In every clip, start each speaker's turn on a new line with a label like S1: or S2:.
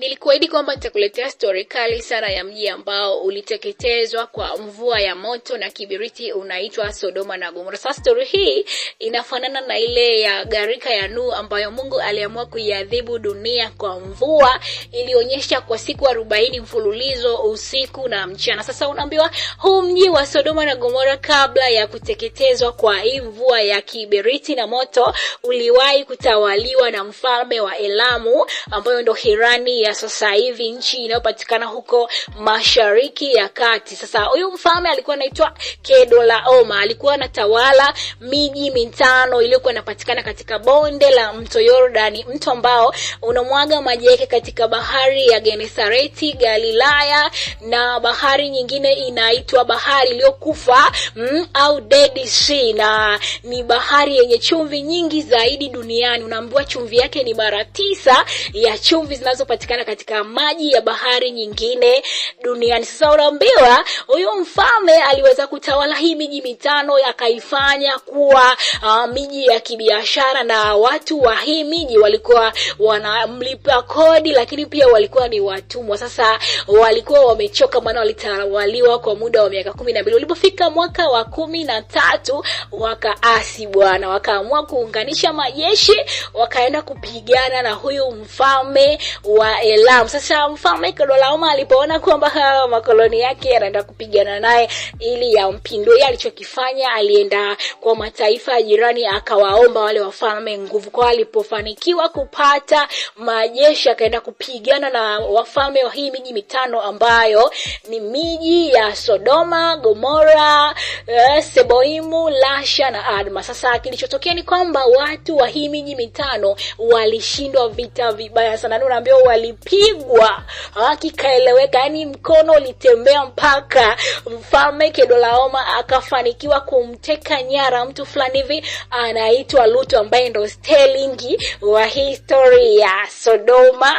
S1: Nilikuahidi kwamba nitakuletea stori kali sana ya mji ambao uliteketezwa kwa mvua ya moto na kibiriti, unaitwa Sodoma na Gomora. Sasa stori hii inafanana na ile ya gharika ya Nuhu ambayo Mungu aliamua kuiadhibu dunia kwa mvua ilionyesha kwa siku arobaini mfululizo usiku na mchana. Sasa unaambiwa huu mji wa Sodoma na Gomora kabla ya kuteketezwa kwa hii mvua ya kibiriti na moto uliwahi kutawaliwa na mfalme wa Elamu ambayo ndo hirani ya na sasa hivi, nchi inayopatikana huko Mashariki ya Kati. Sasa huyu mfalme alikuwa anaitwa Oma, alikuwa anatawala miji mitano iliyokuwa inapatikana katika bonde la mto Yordani, mto ambao unamwaga maji yake katika bahari ya Genesareti, Galilaya na bahari nyingine inaitwa bahari iliyokufa mm, au Dead Sea, na ni bahari yenye chumvi nyingi zaidi duniani. Unaambiwa chumvi yake ni mara tisa ya chumvi zinazopatikana yanapatikana katika maji ya bahari nyingine duniani. Sasa unaambiwa huyu mfalme aliweza kutawala hii miji mitano yakaifanya kuwa uh, miji ya kibiashara, na watu wa hii miji walikuwa wanamlipa kodi, lakini pia walikuwa ni watumwa. Sasa walikuwa wamechoka, maana walitawaliwa kwa muda wa miaka kumi na mbili. Ulipofika mwaka wa kumi na tatu wakaasi bwana, wakaamua kuunganisha majeshi, wakaenda kupigana na huyu mfalme wa Elam. Sasa mfalme Kedorlaoma alipoona kwamba hawa makoloni yake yanaenda kupigana naye ili yampindue, alichokifanya alienda kwa mataifa ya jirani, akawaomba wale wafalme nguvu. Kwa alipofanikiwa kupata majeshi, akaenda kupigana na wafalme wa hii miji mitano ambayo ni miji ya Sodoma, Gomora, eh, Seboimu, Lasha na Adma. Sasa kilichotokea ni kwamba watu wa hii miji mitano walishindwa vita vibaya sana, naambiwa wali kilipigwa akikaeleweka, yani mkono ulitembea mpaka mfalme Kedolaoma akafanikiwa kumteka nyara mtu fulani hivi anaitwa Lutu ambaye ndo stelingi wa history ya Sodoma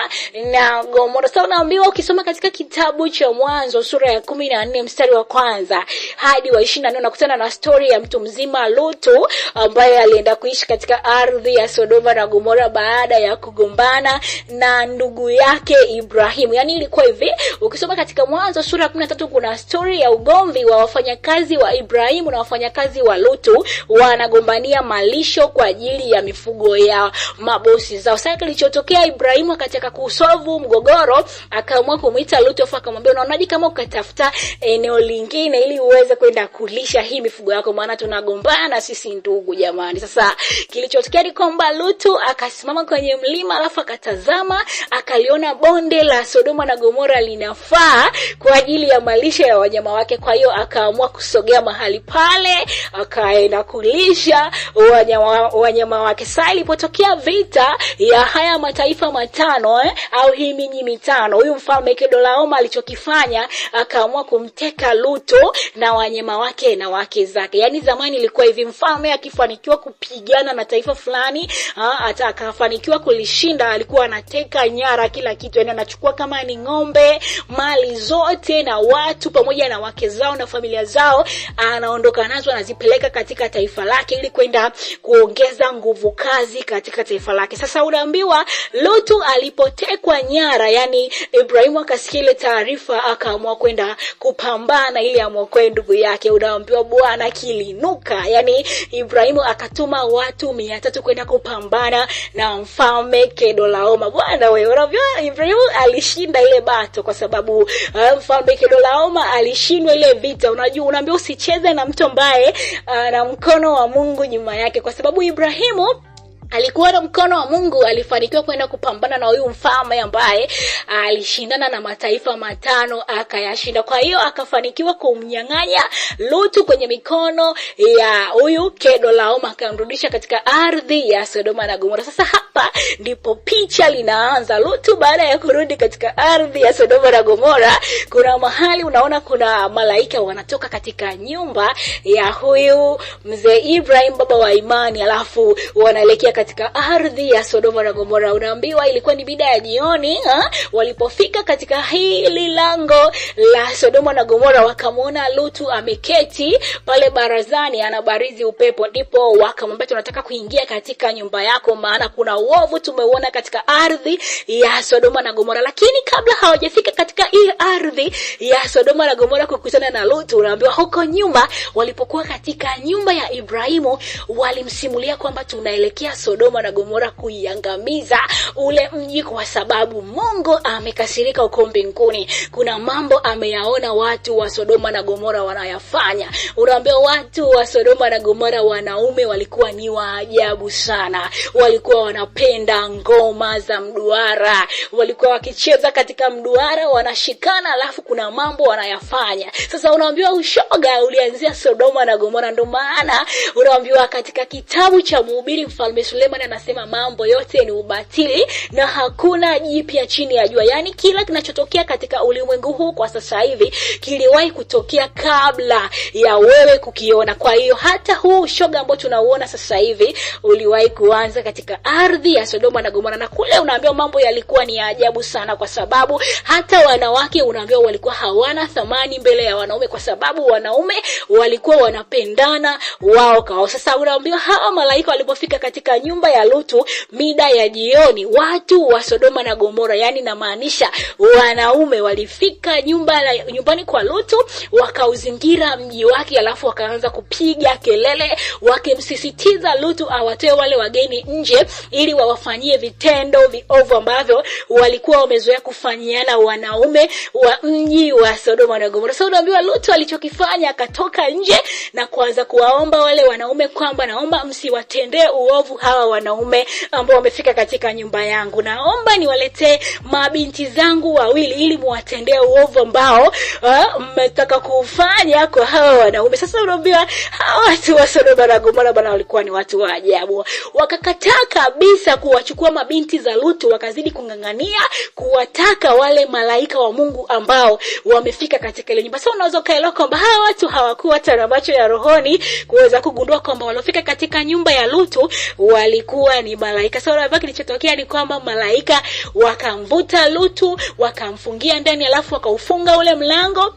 S1: na Gomora. Sasa unaambiwa ukisoma katika kitabu cha Mwanzo sura ya kumi na nne mstari wa kwanza hadi wa ishirini na nne unakutana na stori ya mtu mzima Lutu ambaye alienda kuishi katika ardhi ya Sodoma na Gomora baada ya kugombana na ndugu yake Ibrahimu. Yaani ilikuwa hivi, ukisoma katika Mwanzo sura ya kumi tatu kuna story ya ugomvi wa wafanyakazi wa Ibrahimu na wafanyakazi wa Lutu, wanagombania malisho kwa ajili ya mifugo ya mabosi zao. Sasa kilichotokea, Ibrahimu akataka kusolve mgogoro, akaamua kumuita Lutu afa akamwambia, unaonaje kama ukatafuta eneo lingine ili uweze kwenda kulisha hii mifugo yako, maana tunagombana sisi ndugu jamani. Sasa kilichotokea ni kwamba Lutu akasimama kwenye mlima alafu akatazama akali aliona bonde la Sodoma na Gomora linafaa kwa ajili ya malisha ya wanyama wake. Kwa hiyo akaamua kusogea mahali pale, akaenda kulisha wanyama, wanyama wake. Saa ilipotokea vita ya haya mataifa matano eh, au hii minyi mitano, huyu mfalme Kedolaoma alichokifanya akaamua kumteka luto na wanyama wake na wake zake. Yaani zamani ilikuwa hivi, mfalme akifanikiwa kupigana na taifa fulani, hata ah, akafanikiwa kulishinda, alikuwa anateka nyara kila kitu, yani anachukua kama ni ng'ombe, mali zote na watu pamoja na wake zao na familia zao, anaondoka nazo, anazipeleka katika taifa lake ili kwenda kuongeza nguvu kazi katika taifa lake. Sasa unaambiwa Lutu alipotekwa nyara, yani Ibrahimu akasikia ile taarifa, akaamua kwenda kupambana ili amwokoe ndugu yake. Unaambiwa Bwana kilinuka, yani Ibrahimu akatuma watu mia tatu kwenda kupambana na mfalme Kedolaoma. Bwana wewe unavyo Imperial alishinda ile bato kwa sababu uh, mfalme Kedolaoma alishindwa ile vita. Unajua, unaambia usicheze na mtu ambaye uh, na mkono wa Mungu nyuma yake, kwa sababu Ibrahimu alikuwa na mkono wa Mungu, alifanikiwa kwenda kupambana na huyu mfalme ambaye ah, alishindana na mataifa matano akayashinda. Kwa hiyo akafanikiwa kumnyang'anya Lutu kwenye mikono ya huyu Kedolaoma, akamrudisha katika ardhi ya Sodoma na Gomora. Sasa hapa ndipo picha linaanza. Lutu baada ya kurudi katika ardhi ya Sodoma na Gomora, kuna mahali unaona kuna malaika wanatoka katika nyumba ya huyu mzee Ibrahim, baba wa imani, alafu wanaelekea katika ardhi ya Sodoma na Gomora. Unaambiwa ilikuwa ni mida ya jioni ha? Walipofika katika hili lango la Sodoma na Gomora, wakamwona Lutu ameketi pale barazani anabarizi upepo, ndipo wakamwambia tunataka kuingia katika nyumba yako, maana kuna uovu tumeuona katika ardhi ya Sodoma na Gomora. Lakini kabla hawajafika katika hii ardhi ya Sodoma na Gomora kukutana na Lutu, unaambiwa huko nyuma walipokuwa katika nyumba ya Ibrahimu walimsimulia kwamba tunaelekea Sodoma na Gomora kuiangamiza ule mji, kwa sababu Mungu amekasirika uko mbinguni. Kuna mambo ameyaona watu wa Sodoma na Gomora wanayafanya. Unaambia watu wa Sodoma na Gomora wanaume walikuwa ni waajabu sana, walikuwa wanapenda ngoma za mduara, walikuwa wakicheza katika mduara, wanashikana, alafu kuna mambo wanayafanya. Sasa unaambiwa ushoga ulianzia Sodoma na Gomora, ndo maana unaambiwa katika kitabu cha Mhubiri mfalme Suleiman anasema mambo yote ni ubatili na hakuna jipya chini ya jua, yaani kila kinachotokea katika ulimwengu huu kwa sasa hivi kiliwahi kutokea kabla ya wewe kukiona. Kwa hiyo hata huu shoga ambao tunauona sasa hivi uliwahi kuanza katika ardhi ya Sodoma na Gomora, na kule unaambiwa mambo yalikuwa ni ya ajabu sana, kwa sababu hata wanawake unaambiwa walikuwa hawana thamani mbele ya wanaume, kwa sababu wanaume walikuwa wanapendana wao kwao. Sasa unaambiwa hawa malaika walipofika katika nyumba ya Lutu mida ya jioni, watu wa Sodoma na Gomora, yani namaanisha wanaume walifika nyumba la, nyumbani kwa Lutu wakauzingira mji wake, alafu wakaanza kupiga kelele wakimsisitiza Lutu awatoe wale wageni nje ili wawafanyie vitendo viovu ambavyo walikuwa wamezoea kufanyiana wanaume wa mji wa Sodoma na Gomora. Sasa unaambiwa Lutu alichokifanya akatoka nje na kuanza kuwaomba wale wanaume kwamba naomba msiwatendee uovu ha hawa wanaume ambao wamefika katika nyumba yangu, naomba niwaletee mabinti zangu wawili ili muwatendee uovu ambao ah, mmetaka kufanya kwa hawa wanaume. Sasa unaambiwa hawa watu wa Sodoma na Gomora bana walikuwa ni watu wa ajabu, wakakataa kabisa kuwachukua mabinti za Lutu, wakazidi kung'ang'ania kuwataka wale malaika wa Mungu ambao wamefika katika ile nyumba. Sasa unaweza ukaelewa kwamba hawa watu hawakuwa tena macho ya rohoni kuweza kugundua kwamba waliofika katika nyumba ya Lutu wa walikuwa ni malaika. Sasa so, kilichotokea ni kwamba malaika wakamvuta Lutu, wakamfungia ndani, alafu wakaufunga ule mlango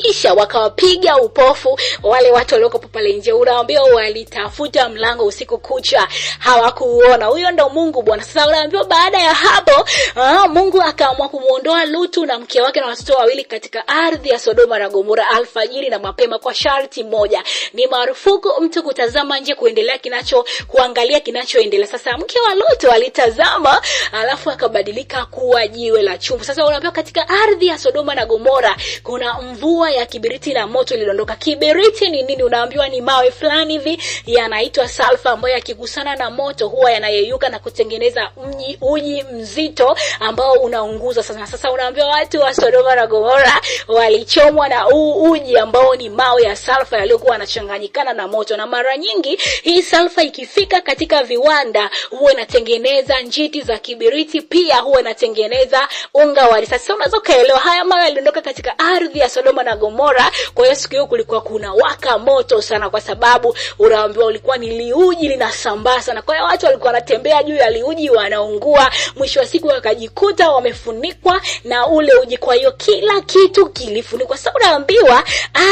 S1: kisha wakawapiga upofu wale watu waliokopo pale nje. Unaambiwa walitafuta mlango usiku kucha hawakuuona. Huyo ndo Mungu Bwana. Sasa unaambiwa baada ya hapo aa, ah, Mungu akaamua kumwondoa Lutu na mke wake na watoto wawili katika ardhi ya Sodoma na Gomora alfajiri na mapema, kwa sharti moja: ni marufuku mtu kutazama nje, kuendelea kinacho kuangalia kinachoendelea. Sasa mke wa Lutu alitazama, alafu akabadilika kuwa jiwe la chumvi. Sasa unaambiwa katika ardhi ya Sodoma na Gomora kuna mvua mashua ya kibiriti na moto ilidondoka. Kibiriti ni nini? Unaambiwa ni mawe fulani hivi yanaitwa salfa, ambayo yakigusana na moto huwa yanayeyuka na kutengeneza mji uji mzito ambao unaunguza sana. Sasa unaambiwa watu wa Sodoma na Gomora walichomwa na huu uji ambao ni mawe ya salfa yaliyokuwa yanachanganyikana na moto, na mara nyingi hii salfa ikifika katika viwanda huwa inatengeneza njiti za kibiriti, pia huwa inatengeneza unga wa risasi. Sasa unaweza ukaelewa haya mawe yaliondoka katika ardhi ya Sodoma na Gomora. Kwa hiyo siku hiyo kulikuwa kuna waka moto sana, kwa sababu unaambiwa ulikuwa ni liuji linasambaa sana. Kwa hiyo watu walikuwa wanatembea juu ya liuji wanaungua, mwisho wa siku wakajikuta wamefunikwa na ule uji. Kwa hiyo kila kitu kilifunikwa. Sasa unaambiwa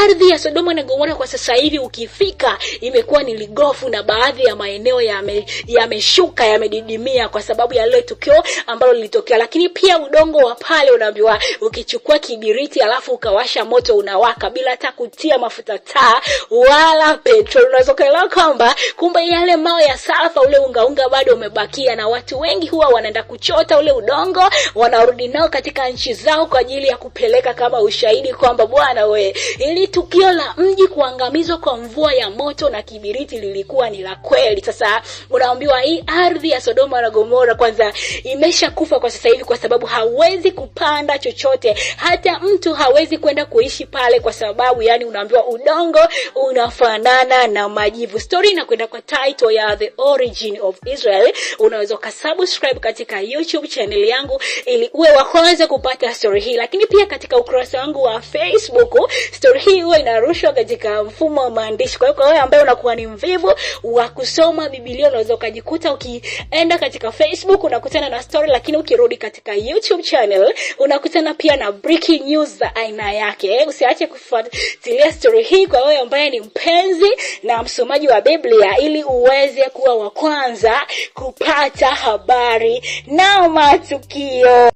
S1: ardhi ya Sodoma na Gomora kwa sasa hivi ukifika imekuwa ni ligofu, na baadhi ya maeneo yameshuka, yamedidimia kwa sababu ya lile tukio ambalo lilitokea. Lakini pia udongo wa pale unaambiwa ukichukua kibiriti alafu ukawasha moto moto unawaka bila hata kutia mafuta taa wala petrol. Unazokelewa kwamba kumbe yale mawe ya salfa, ule ungaunga bado umebakia, na watu wengi huwa wanaenda kuchota ule udongo, wanarudi nao katika nchi zao kwa ajili ya kupeleka kama ushahidi kwamba bwana we, ili tukio la mji kuangamizwa kwa mvua ya moto na kibiriti lilikuwa ni la kweli. Sasa unaambiwa hii ardhi ya Sodoma na Gomora kwanza imeshakufa kwa sasa hivi, kwa sababu hawezi kupanda chochote, hata mtu hawezi kwenda kuishi kuishi pale, kwa sababu yani unaambiwa udongo unafanana na majivu. Story inakwenda kwa title ya The Origin of Israel. Unaweza ukasubscribe katika YouTube channel yangu ili uwe wa kwanza kupata story hii, lakini pia katika ukurasa wangu wa Facebook story hii huwa inarushwa katika mfumo wa maandishi. Kwa hiyo kwa wewe ambaye unakuwa ni mvivu wa kusoma Biblia, unaweza ukajikuta ukienda katika Facebook unakutana na story, lakini ukirudi katika YouTube channel unakutana pia na breaking news za aina yake. Lakini usiache kufuatilia stori hii kwa wewe ambaye ni mpenzi na msomaji wa Biblia, ili uweze kuwa wa kwanza kupata habari na matukio.